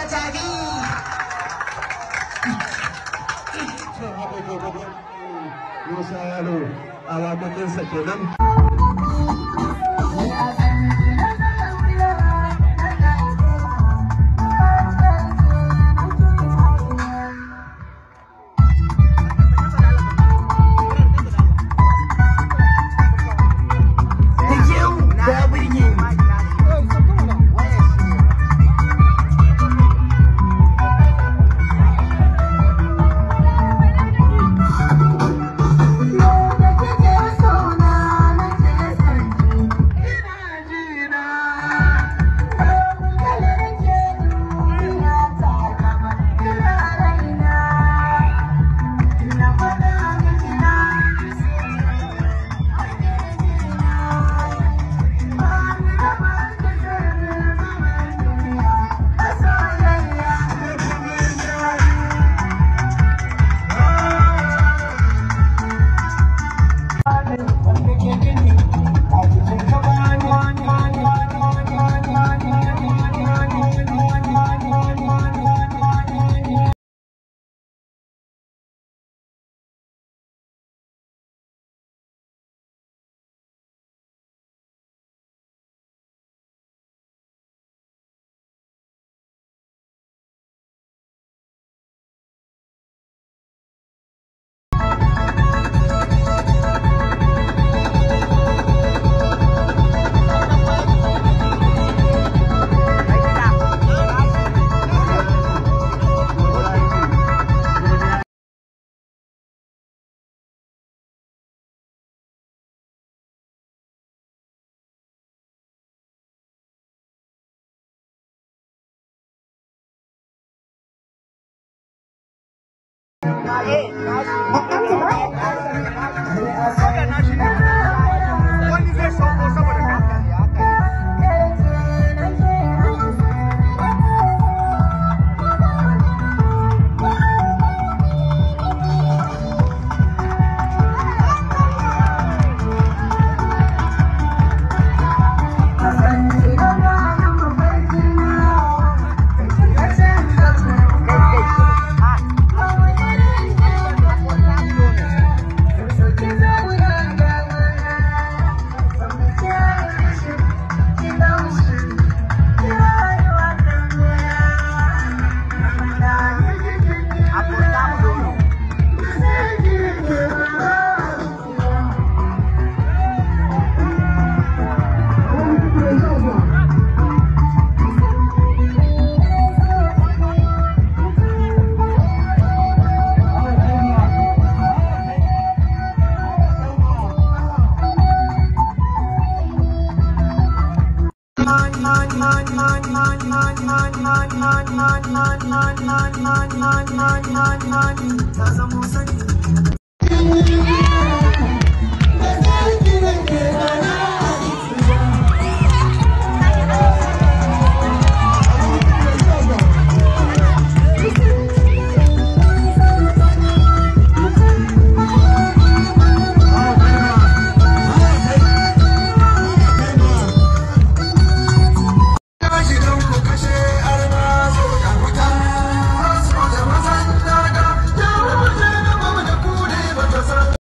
da tari hmm, Musa Yaro a waƙoƙinsa kenan. Allez, Cause I'm all